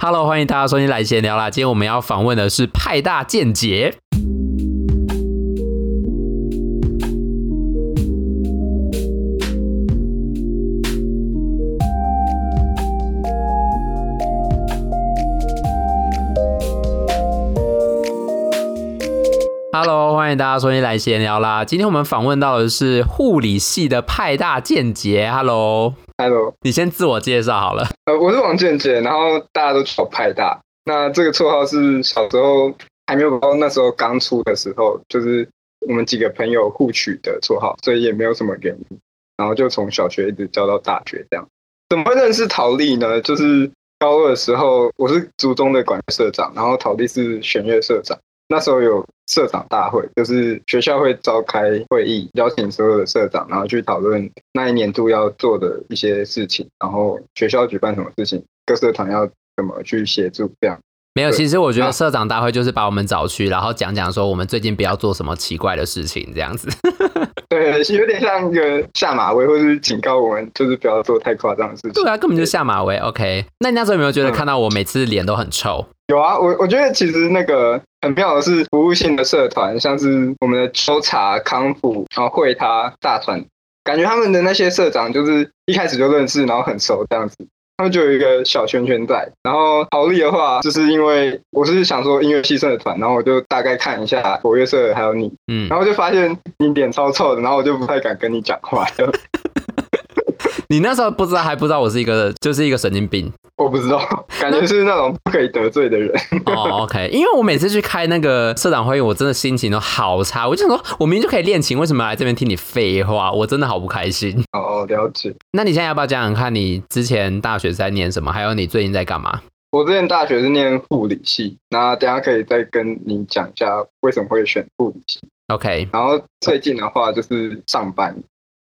哈嘍，Hello, 歡迎大家收聽來閒聊啦。今天我們要訪問的是派大健杰。歡迎大家重新來閒聊啦！今天我們訪問到的是護理系的派大健杰，Hello，Hello，Hello 你先自我介紹好了。呃，我是王健杰，然後大家都叫派大，那這個綽號是小時候還沒有到那時候剛出的時候，就是我們幾個朋友互取的綽號，所以也沒有什麼原因，然後就從小學一直叫到大學這樣。怎麼會認識陶麗呢？就是高二的時候，我是高中的管樂社長，然後陶麗是弦樂社長。那時候有社長大會，就是學校會召開會議，邀請所有的社長，然後去討論那一年度要做的一些事情，然後學校舉辦什麼事情，各社團要怎麼去協助這樣。沒有，其實我覺得社長大會就是把我們找去，那然後講講說我們最近不要做什麼奇怪的事情這樣子。 對，有點像一個下馬威，或是警告我們，就是不要做太誇張的事情。對啊，根本就下馬威。對 OK，那你那時候有沒有覺得看到我每次臉都很臭？嗯有啊，我我覺得其實那個很漂亮的是服務性的社團，像是我們的抽查、康輔，然後會他大團，感覺他們的那些社長就是一開始就認識，然後很熟這樣子，他們就有一個小圈圈在。然後陶麗的話，就是因為我是想說音樂性社團，然後我就大概看一下國樂社還有你，嗯，然後就發現你臉超臭的，然後我就不太敢跟你講話了。 你那時候不知道還不知道我是一個就是一個神經病。我不知道，感覺是那種不可以得罪的人哦。那 oh, OK，因為我每次去開那個社長會議，我真的心情都好差。我就想說，我明明就可以練琴，為什麼來這邊聽你廢話？我真的好不開心。哦，oh, 了解。那你現在要不要講講看你之前大學在念什麼？還有你最近在幹嘛？我之前大學是念護理系，那、oh. 等下可以再跟你講一下為什麼會選護理系。OK，然後最近的話就是上班，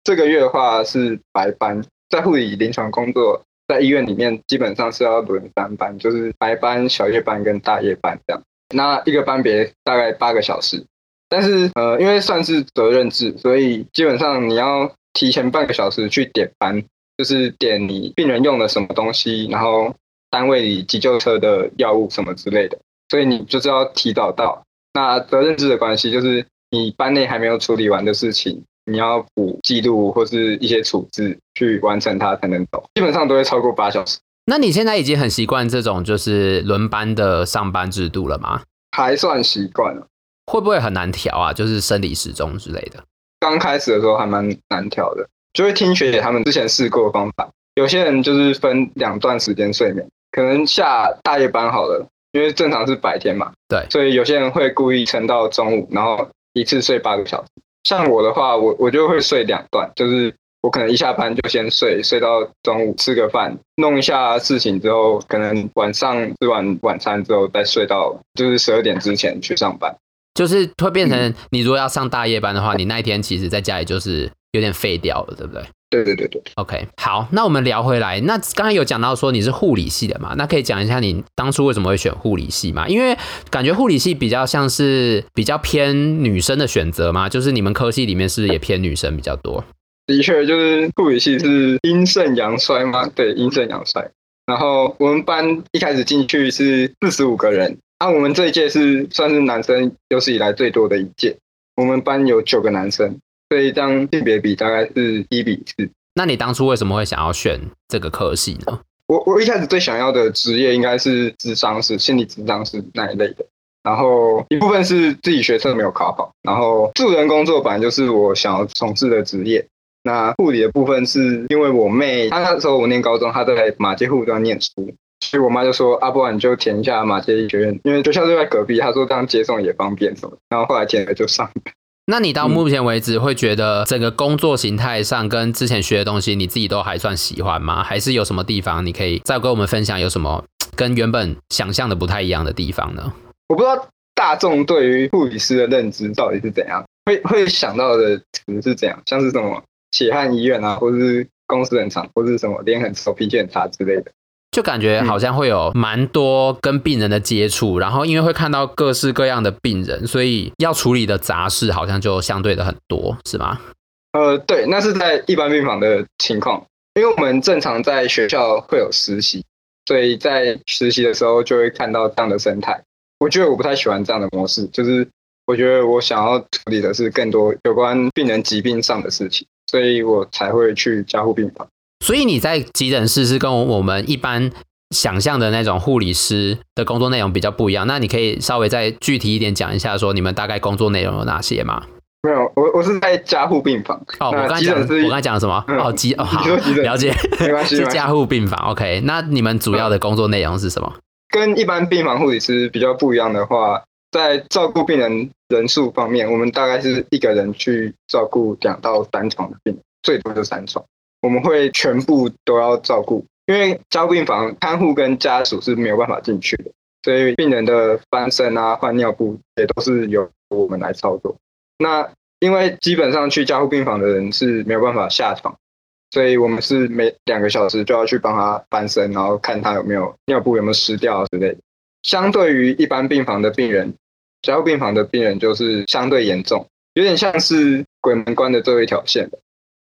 這個月的話是白班，在護理臨床工作。在醫院裡面，基本上是要輪三班，就是白班、小夜班跟大夜班這樣。那一個班別大概八個小時，但是呃，因為算是責任制，所以基本上你要提前半個小時去點班，就是點你病人用的什麼東西，然後單位裡急救車的藥物什麼之類的，所以你就是要提早到。那責任制的關係，就是你班內還沒有處理完的事情，你要補記錄或是一些處置去完成它才能走，基本上都會超過八小時。那你現在已經很習慣這種就是輪班的上班制度了嗎？還算習慣了。會不會很難調啊？就是生理時鐘之類的。剛開始的時候還蠻難調的，就會聽學姐他們之前試過的方法。有些人就是分兩段時間睡眠，可能下大夜班好了，因為正常是白天嘛，對，所以有些人會故意撐到中午，然後一次睡八個小時。像我的話，我我就會睡兩段，就是我可能一下班就先睡，睡到中午吃個飯，弄一下事情之後，可能晚上吃完晚餐之後再睡到，就是十二點之前去上班。就是會變成你如果要上大夜班的話，嗯、你那一天其實在家裡就是。有點廢掉了，對不對？對對對對。OK，好，那我們聊回來。那剛才有講到說你是護理系的嘛。那可以講一下你當初為什麼會選護理系嘛？因為感覺護理系比較像是比較偏女生的選擇嘛。就是你們科系裡面是不是也偏女生比較多？的確，就是護理系是陰盛陽衰嘛。對，陰盛陽衰。然後我們班一開始進去是四十五個人，那、啊、我們這一屆是算是男生有史以來最多的一屆。我們班有九個男生。所以這樣性別比大概是一比四。那你當初為什麼會想要選這個科系呢？我我一開始最想要的職業應該是諮商，是心理諮商，是那一類的，然後一部分是自己學測沒有考好，然後助人工作本來就是我想要從事的職業。那護理的部分是因為我妹，她那時候我念高中，她在馬偕護專念書，所以我媽就說：“阿、啊、波，不然你就填一下馬偕醫學院，因為學校就像在隔壁，她說這樣接送也方便什麼。”然後後來填了就上了那你到目前為止會覺得整個工作形態上跟之前學的東西，你自己都還算喜歡嗎？還是有什麼地方你可以再跟我們分享？有什麼跟原本想象的不太一樣的地方呢？我不知道大眾對於護理師的認知到底是怎樣，會會想到的詞是怎樣，像是什麼血汗醫院啊，或是工時很長，或是什麼臉很醜、脾氣很差之類的。就感覺好像會有蠻多跟病人的接觸，嗯、然後因為會看到各式各樣的病人，所以要處理的雜事好像就相對的很多，是嗎？呃，對，那是在一般病房的情況，因為我們正常在學校會有實習，所以在實習的時候就會看到這樣的生態。我覺得我不太喜歡這樣的模式，就是我覺得我想要處理的是更多有關病人疾病上的事情，所以我才會去加護病房。所以你在急診室是跟我們一般想象的那種護理師的工作內容比較不一樣，那你可以稍微再具體一點講一下，說你們大概工作內容有哪些嗎？沒有，我我是在加護病房。哦，我剛才講，我剛才講什麼？嗯、哦，急哦，好，了解，沒關係。 是加護病房。OK，那你們主要的工作內容是什麼？跟一般病房護理師比較不一樣的話，在照顧病人人數方面，我們大概是一個人去照顧兩到三床的病，最多就三床。我們會全部都要照顧，因為加護病房看護跟家屬是沒有辦法進去的，所以病人的翻身啊、換尿布也都是由我們來操作。那因為基本上去加護病房的人是沒有辦法下床，所以我們是每兩個小時就要去幫他翻身，然後看他有沒有尿布有沒有濕掉之類的。相對於一般病房的病人，加護病房的病人就是相對嚴重，有點像是鬼門關的最後一條線，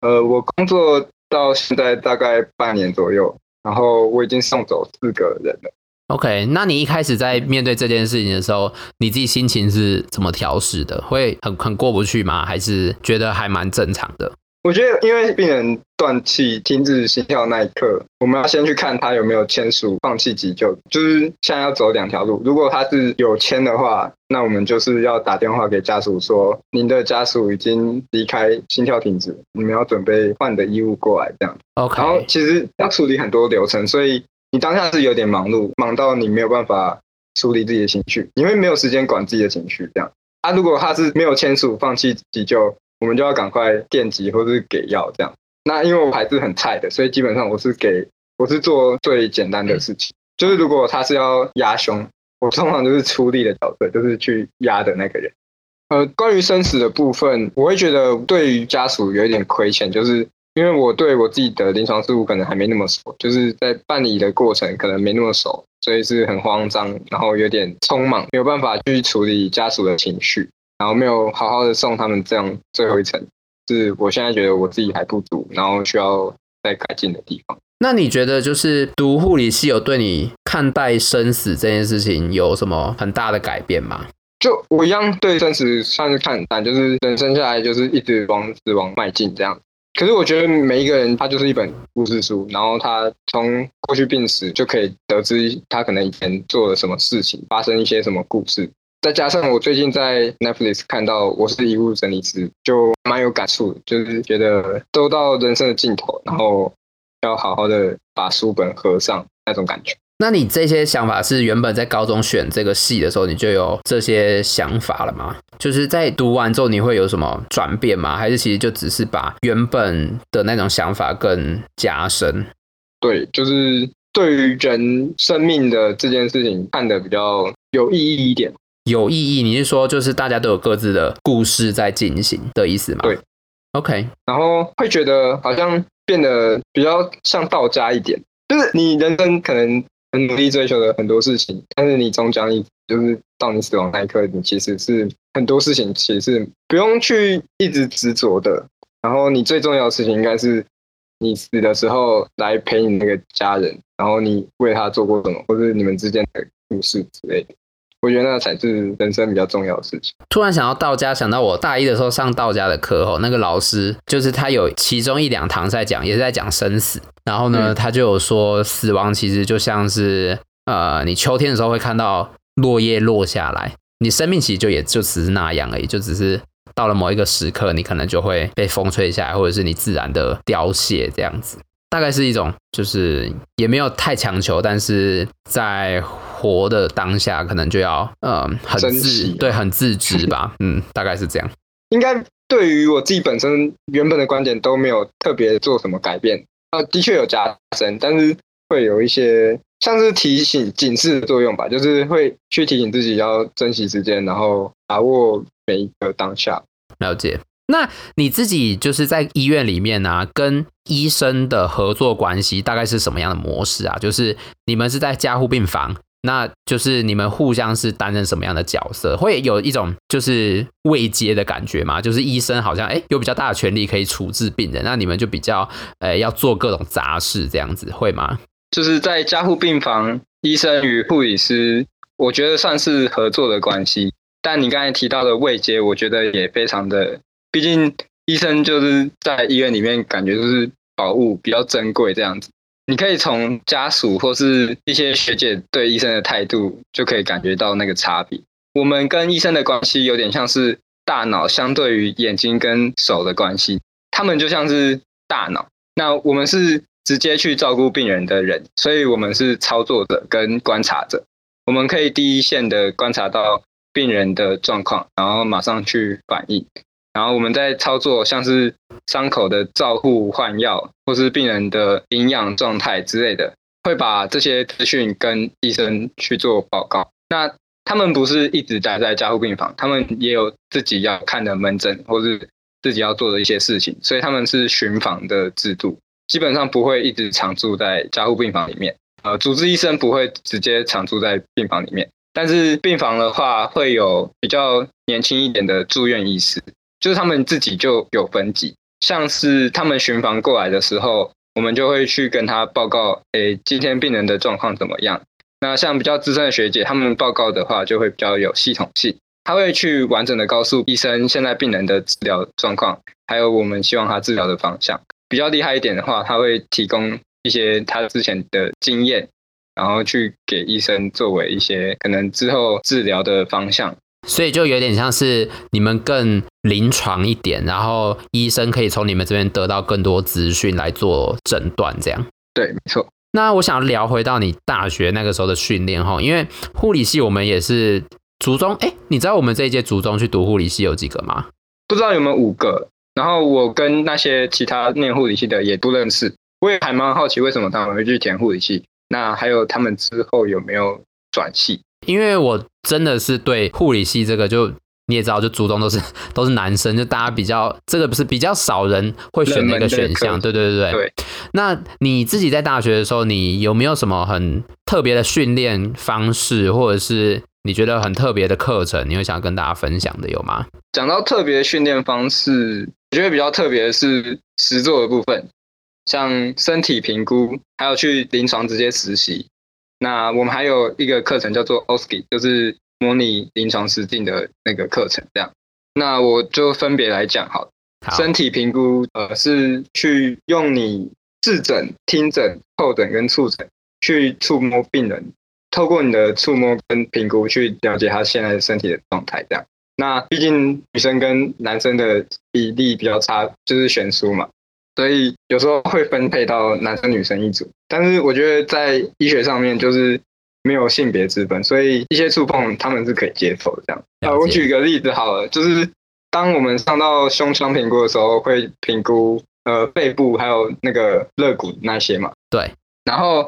呃，我工作，到現在大概半年左右，然後我已經送走四個人了。OK，那你一開始在面對這件事情的時候，你自己心情是怎麼調適的？會很很過不去嗎？還是覺得還蠻正常的？我覺得，因為病人斷氣、停止心跳那一刻，我們要先去看他有沒有簽署放棄急救，就是現在要走兩條路。如果他是有簽的話，那我們就是要打電話給家屬說，您的家屬已經離開，心跳停止，你們要準備換的衣物過來這樣。Okay. 然後其實要處理很多流程，所以你當下是有點忙碌，忙到你沒有辦法處理自己的情緒，因為沒有時間管自己的情緒這樣。啊，如果他是沒有簽署放棄急救，我們就要趕快電擊或是給藥這樣。那因為我還是很菜的，所以基本上我是給，我是做最簡單的事情。就是如果他是要壓胸，我通常都是出力的角色，就是去壓的那個人。呃，關於生死的部分，我會覺得對於家屬有一點虧欠，就是因為我對我自己的臨床事務可能還沒那麼熟，就是在辦理的過程可能沒那麼熟，所以是很慌張，然後有點匆忙，沒有辦法去處理家屬的情緒。然後沒有好好的送他們這樣最後一程，是我現在覺得我自己還不足，然後需要再改進的地方。那你覺得就是讀護理系有對你看待生死這件事情有什麼很大的改變嗎？就我一樣對生死算是看淡，但就是人生下來就是一直往死亡邁進這樣。可是我覺得每一個人他就是一本故事書，然後他從過去病史就可以得知他可能以前做了什麼事情，發生一些什麼故事。再加上我最近在 Netflix 看到《我是遺物整理師》，就蠻有感觸的，就是覺得都到人生的盡頭，然後要好好的把書本合上那種感覺。那你這些想法是原本在高中選這個系的時候，你就有這些想法了嗎？就是在讀完之後，你會有什麼轉變嗎？還是其實就只是把原本的那種想法更加深？對，就是對於人生命的這件事情，看得比較有意義一點。有意義，你是說就是大家都有各自的故事在進行的意思嗎？對，OK，然後會覺得好像變得比較像道家一點，就是你人生可能很努力追求的很多事情，但是你終將一就是到你死亡那一刻，你其實是很多事情其實是不用去一直執着的。然後你最重要的事情應該是你死的時候來陪你那個家人，然後你為他做過什麼，或是你們之間的故事之類的。我覺得那才是人生比較重要的事情。突然想到道家，想到我大一的時候上道家的課後，那個老師就是他有其中一兩堂在講，也是在講生死。然後呢，嗯、他就有說死亡其實就像是呃，你秋天的時候會看到落葉落下來，你生命其實就也就只是那樣而已，就只是到了某一個時刻，你可能就會被風吹下來，或者是你自然的凋謝這樣子。大概是一種，就是也沒有太強求，但是在活的當下，可能就要呃、嗯、很自奇，對，很自知吧， 嗯，大概是這樣。應該對於我自己本身原本的觀點都沒有特別做什麼改變，啊，的確有加深，但是會有一些像是提醒、警示的作用吧，就是會去提醒自己要珍惜時間，然後把握每一個當下。了解。那你自己就是在醫院裡面呢、啊，跟醫生的合作關係大概是什麼樣的模式啊？就是你們是在加護病房，那就是你們互相是擔任什麼樣的角色？會有一種就是位階的感覺嗎？就是醫生好像誒、欸、有比較大的權力可以處置病人，那你們就比較誒、欸、要做各種雜事這樣子會嗎？就是在加護病房，醫生與護理師，我覺得算是合作的關係。但你剛才提到的位階，我覺得也非常的。畢竟醫生就是在醫院裡面，感覺就是寶物比較珍貴這樣子。你可以從家屬或是一些學姐對醫生的態度，就可以感覺到那個差別。我們跟醫生的關係有點像是大腦相對於眼睛跟手的關係，他們就像是大腦，那我們是直接去照顧病人的人，所以我們是操作者跟觀察者。我們可以第一線的觀察到病人的狀況，然後馬上去反應。然後我們在操作，像是傷口的照護、換藥，或是病人的營養狀態之類的，會把這些資訊跟醫生去做報告。那他們不是一直待在加護病房，他們也有自己要看的門診，或是自己要做的一些事情，所以他們是巡房的制度，基本上不會一直常住在加護病房裡面。呃，主治醫生不會直接常住在病房裡面，但是病房的話會有比較年輕一點的住院醫師。就是他們自己就有分級，像是他們巡房過來的時候，我們就會去跟他報告，誒，今天病人的狀況怎麼樣？那像比較資深的學姐，他們報告的話就會比較有系統性，他會去完整的告訴醫生現在病人的治療狀況，還有我們希望他治療的方向。比較厲害一點的話，他會提供一些他之前的經驗，然後去給醫生作為一些可能之後治療的方向。所以就有點像是你們更臨床一點，然後醫生可以從你們這邊得到更多資訊來做診斷，這樣。對，沒錯。那我想聊回到你大學那個時候的訓練哈，因為護理系我們也是卒中，哎、欸，你知道我們這一屆卒中去讀護理系有幾個嗎？不知道有沒有五個。然後我跟那些其他念護理系的也都認識，我也還蠻好奇為什麼他們會去填護理系，那還有他們之後有沒有轉系？因為我真的是對護理系這個就，就你也知道，就主動都是都是男生，就大家比較這個不是比較少人會選那個選項，對對對對。對那你自己在大學的時候，你有沒有什麼很特別的訓練方式，或者是你覺得很特別的課程，你會想跟大家分享的有嗎？講到特別訓練方式，我覺得比較特別的是實作的部分，像身體評估，還有去臨床直接實習。那我們還有一個課程叫做 OSCE，就是模擬臨床實境的那個課程，這樣。那我就分別來講，好了，身體評估，呃，是去用你視診、聽診、叩診跟觸診去觸摸病人，透過你的觸摸跟評估去了解他現在身體的狀態，這樣。那畢竟女生跟男生的比例比較差，就是懸殊嘛。所以有時候會分配到男生女生一組，但是我覺得在醫學上面就是沒有性別之分，所以一些觸碰他們是可以接受的。這樣啊，了解 我舉個例子好了，就是當我們上到胸腔評估的時候，會評估呃背部還有那個肋骨那些嘛。對。然後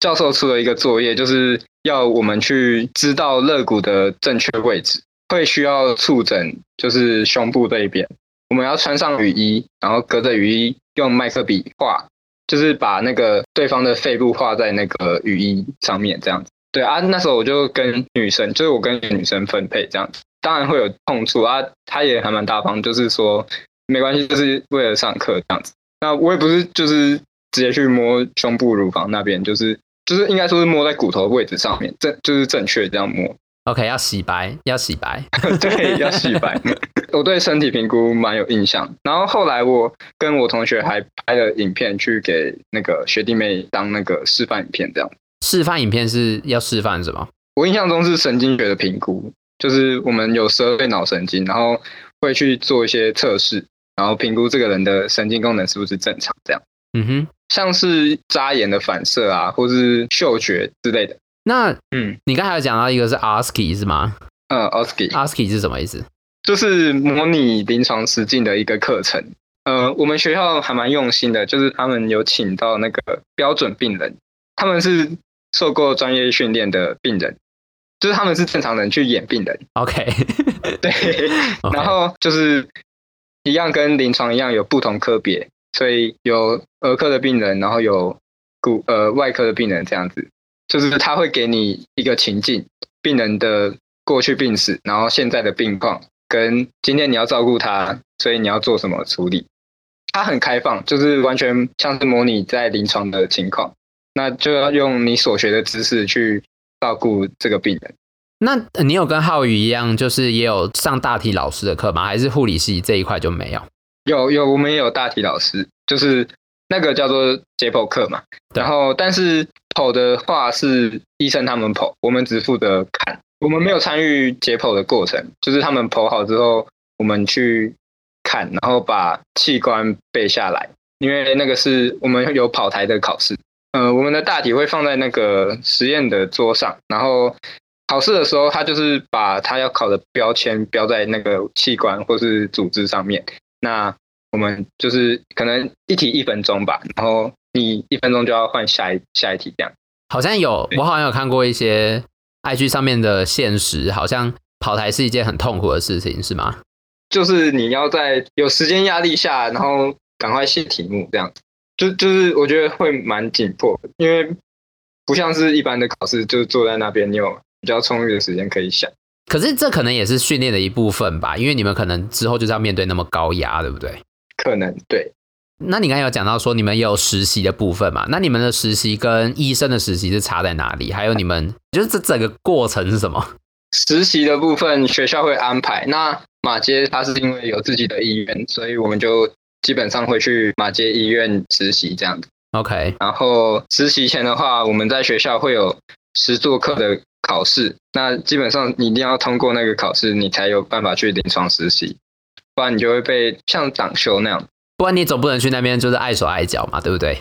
教授出了一個作業，就是要我們去知道肋骨的正確位置，會需要觸診，就是胸部這一邊，我們要穿上雨衣，然後隔着雨衣。用麥克筆畫，就是把那個對方的肺部畫在那個語音上面，這樣子。對啊，那時候我就跟女生，就是我跟女生分配這樣子，當然會有痛處啊。她也還蠻大方，就是說沒關係，就是為了上課這樣子。那我也不是就是直接去摸胸部乳房那邊，就是就是應該說是摸在骨頭的位置上面，正就是正確這樣摸。OK，要洗白，要洗白， 對，要洗白。 我對身體評估蠻有印象，然後後來我跟我同學還拍了影片去給那個學弟妹當那個示範影片，這樣。示範影片是要示範什麼？我印象中是神經學的評估，就是我們有涉獵腦神經，然後會去做一些測試，然後評估這個人的神經功能是不是正常，這樣。嗯哼，像是眨眼的反射啊，或是嗅覺之類的。那嗯，你剛才講到一個是 OSCE 是嗎？嗯，OSCE，OSCE 是什麼意思？就是模擬臨床實境的一個課程。呃，我們學校還蠻用心的，就是他們有請到那個標準病人，他們是受過專業訓練的病人，就是他們是正常人去演病人。OK， 對，然後就是一樣跟臨床一樣有不同科別，所以有兒科的病人，然後有骨呃外科的病人這樣子。就是他會給你一個情境，病人的過去病史，然後現在的病況，跟今天你要照顧他，所以你要做什麼處理？他很開放，就是完全像是模擬在臨床的情況，那就要用你所學的知識去照顧這個病人。那你有跟浩宇一樣，就是也有上大體老師的課嗎？還是護理系這一塊就沒有？有，有，我們也有大體老師，就是那個叫做解剖課嘛。對然後，但是。剖的話是醫生他們剖，我們只負責看，我們沒有參與解剖的過程。就是他們剖好之後，我們去看，然後把器官背下來，因為那個是我們會有跑台的考試。呃，我們的大體會放在那個實驗的桌上，然後考試的時候，他就是把他要考的標籤標在那個器官或是組織上面。那我們就是可能一題一分鐘吧，然後。你一分鐘就要換下一下一題，這樣好像有，對我好像有看過一些 IG 上面的現實，好像跑台是一件很痛苦的事情，是嗎？就是你要在有時間壓力下，然後趕快寫題目，這樣子，就就是我覺得會蠻緊迫的，因為不像是一般的考試，就是坐在那邊，你有比較充裕的時間可以想。可是這可能也是訓練的一部分吧，因為你們可能之後就是要面對那麼高壓，對不對？可能，對。那你剛才有講到說你們有實習的部分嘛？那你們的實習跟醫生的實習是差在哪裡？還有你們就是這整個過程是什麼？實習的部分學校會安排。那馬偕它是因為有自己的醫院，所以我們就基本上會去馬偕醫院實習這樣 OK。然後實習前的話，我們在學校會有實作課的考試，嗯、那基本上你一定要通過那個考試，你才有辦法去臨床實習，不然你就會被像擋修那樣。不然你總不能去那邊，就是礙手礙腳嘛，對不對？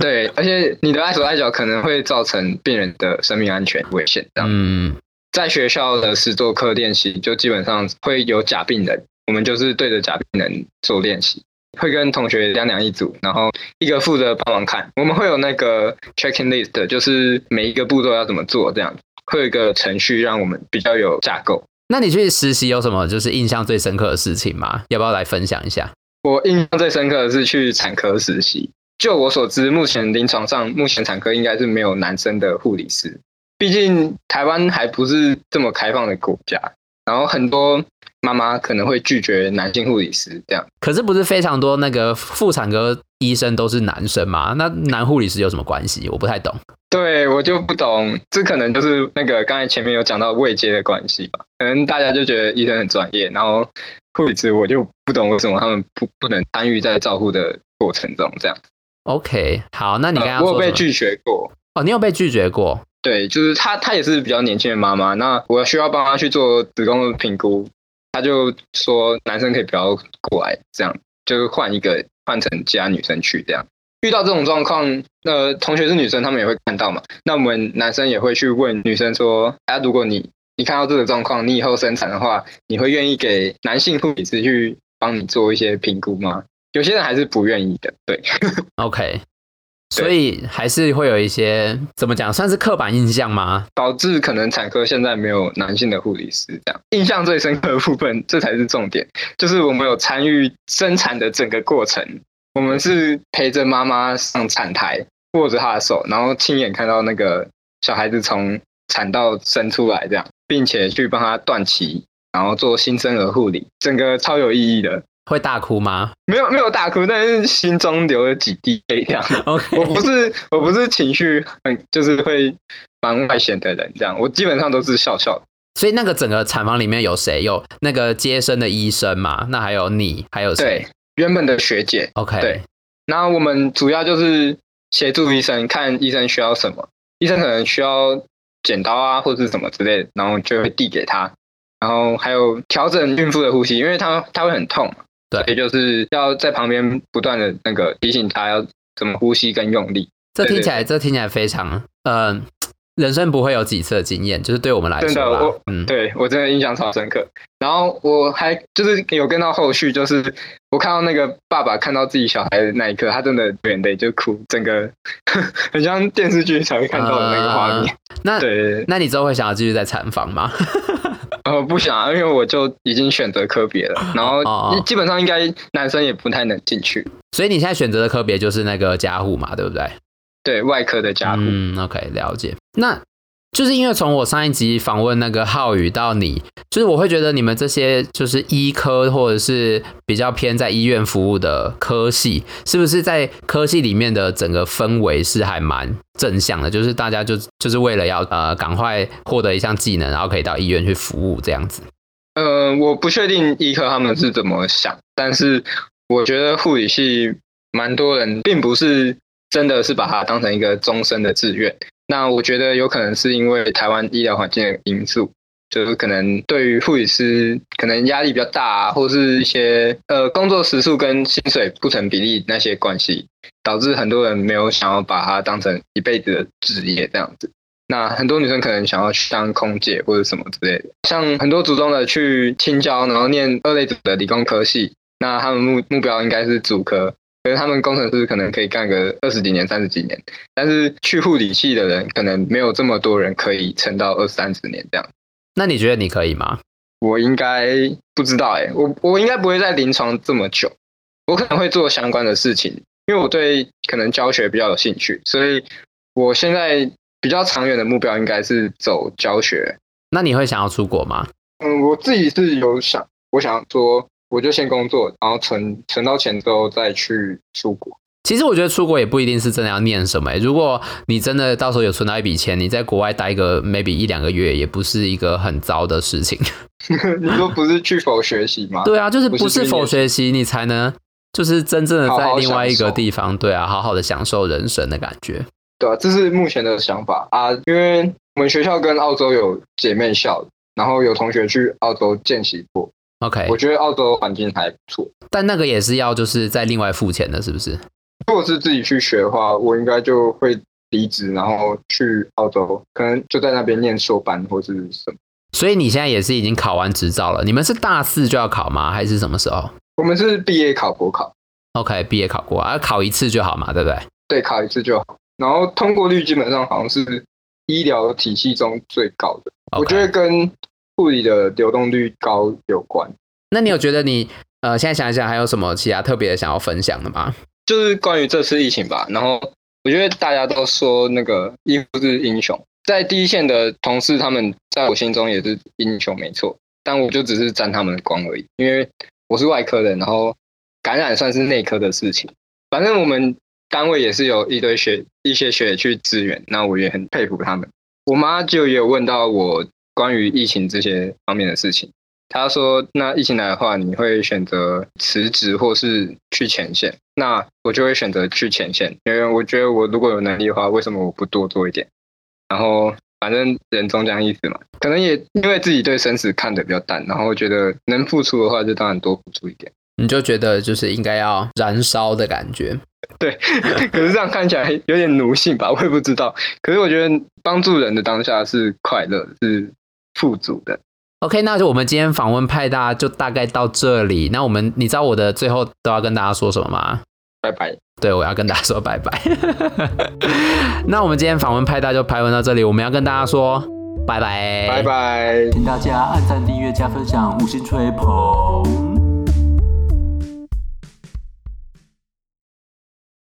對，而且你的礙手礙腳可能會造成病人的生命安全危險。這樣。嗯，在學校的實作課練習，就基本上會有假病人，我們就是對着假病人做練習，會跟同學兩兩一組，然後一個負責幫忙看。我們會有那個 checking list，就是每一個步驟要怎麼做，這樣會有一個程序讓我們比較有架構。那你去實習有什麼就是印象最深刻的事情嗎？要不要來分享一下？我印象最深刻的是去產科實習。就我所知，目前臨床上目前產科應該是沒有男生的護理師，畢竟台灣還不是這麼開放的國家。然後很多媽媽可能會拒絕男性護理師這樣。可是不是非常多那個婦產科醫生都是男生嗎？那男護理師有什麼關係？我不太懂。對，我就不懂，這可能就是那個剛才前面有講到位階的關係吧？可能大家就覺得醫生很專業，然後護士，我就不懂為什麼他們不不能參與在照護的過程中這樣。OK，好，那你剛剛，我有被拒絕過哦，你有被拒絕過？對，就是他，他也是比較年輕的媽媽，那我需要幫他去做子宮的評估，他就說，男生可以不要過來，這樣，就是換一個換成家女生去這樣。遇到這種狀況，那、呃、同學是女生，她們也會看到嘛？那我們男生也會去問女生說：“哎、呃，如果你你看到這個狀況，你以後生產的話，你會願意給男性護理師去幫你做一些評估嗎？”有些人還是不願意的，對。OK，對，所以還是會有一些怎麼講，算是刻板印象嗎？導致可能產科現在沒有男性的護理師這樣。印象最深刻的部分，這才是重點，就是我們有參與生產的整個過程。我們是陪着媽媽上產台，握着她的手，然後親眼看到那個小孩子從產道生出來，這樣，並且去幫她斷臍，然後做新生兒護理，整個超有意義的。會大哭嗎？沒有，沒有大哭，但是心中流了幾滴淚。這樣，Okay. 我不是，我不是情緒很，就是會蠻外顯的人。這樣，我基本上都是笑笑。所以那個整個產房裡面有誰？有那個接生的醫生嘛？那還有你，還有誰？原本的學姐，OK，對，那我們主要就是協助醫生，看醫生需要什麼，醫生可能需要剪刀啊或者是什麼之類的，然後就會遞給他，然後還有調整孕婦的呼吸，因為她她會很痛，對，也就是要在旁邊不斷的那個提醒她要怎麼呼吸跟用力。這聽起來，對對對，這聽起來非常，嗯、呃，人生不會有幾次的經驗，就是對我們來說，真的，我，嗯、對我真的印象超深刻。然後我還就是有跟到後續就是。我看到那個爸爸，看到自己小孩的那一刻，他真的掉眼淚就哭，整個很像電視劇才會看到的那個畫面。呃、那對，那你之後會想要繼續在產房嗎？ 哦，不想啊，因為我就已經選擇科別了，然後基本上應該男生也不太能進去。哦哦，所以你現在選擇的科別就是那個加護嘛，對不對？對，外科的加護，嗯，OK，了解。那。就是因為從我上一集訪問那個浩宇，到你，就是我會覺得你們這些就是醫科或者是比較偏在醫院服務的科系，是不是在科系裡面的整個氛圍是還蠻正向的？就是大家就就是為了要呃趕快獲得一項技能，然後可以到醫院去服務這樣子。呃，我不確定醫科他們是怎麼想，但是我覺得護理系蠻多人並不是真的是把它當成一個終身的志願。那我覺得有可能是因為台灣醫療環境的因素，就是可能對於護理師可能壓力比較大，啊，或是一些呃工作時數跟薪水不成比例那些關係，導致很多人沒有想要把它當成一輩子的職業這樣子。那很多女生可能想要去當空姐或者什麼之類的，像很多主動的去清交，然後唸二類組的理工科系，那他們目目標應該是主科。所以他們工程師可能可以幹個二十幾年，三十幾年，但是去護理系的人可能沒有這麼多人可以撐到二三十年這樣。那你覺得你可以嗎？我應該不知道哎，欸，我我應該不會在臨床這麼久，我可能會做相關的事情，因為我對可能教學比較有興趣，所以我現在比較長遠的目標應該是走教學。那你會想要出國嗎？嗯，我自己是有想，我想要說。我就先工作，然後存存到錢之後再去出國。其實我覺得出國也不一定是真的要念什麼、欸。如果你真的到時候有存到一筆錢，你在國外待個 maybe 一兩個月，也不是一個很糟的事情。 你說不是去否學習嗎？對啊，就是不是否學習，你才能，就是真正的在另外一個地方，好好對啊，好好的享受人生的感覺。對、啊，這是目前的想法啊，因為我們學校跟澳洲有姐妹校，然後有同學去澳洲見習過。OK，我覺得澳洲環境還不錯，但那個也是要，就是再另外付錢的，是不是？如果是自己去學的話，我應該就會離職，然後去澳洲，可能就在那邊念碩班或是什麼。所以你現在也是已經考完執照了？你們是大四就要考嗎？還是什麼時候？我們是畢業考國考。OK，畢業考國啊，考一次就好嘛，對不對？對，考一次就好。然後通過率基本上好像是醫療體系中最高的。Okay. 我覺得跟物理的流動率高有關。那你有覺得你呃，現在想一想，還有什麼其他特別想要分享的嗎？就是關於這次疫情吧。然後我覺得大家都說那個醫護是英雄，在第一線的同事，他們在我心中也是英雄，沒錯。但我就只是沾他們的光而已，因為我是外科人，然後感染算是內科的事情。反正我們單位也是有一堆學一些學去支援，那我也很佩服他們。我媽就也有問到我，關於疫情這些方面的事情，他說：“那疫情來的話，你會選擇辭職或是去前線？那我就會選擇去前線，因為我覺得我如果有能力的話，為什麼我不多做一點？然後反正人終將一死嘛，可能也因為自己對生死看得比較淡，然後覺得能付出的話，就當然多付出一點。你就覺得就是應該要燃燒的感覺，對。 可是這樣看起來有點奴性吧？我也不知道。可是我覺得幫助人的當下是快樂，是。”副組的，OK，那就我們今天訪問派大就大概到這裡。那我們你知道我的最後都要跟大家說什麼嗎？拜拜。對，我要跟大家說拜拜。那我們今天訪問派大就訪問到這裡，我們要跟大家說拜拜拜拜，請拜大家按讚、訂閱、加分享，五星吹捧。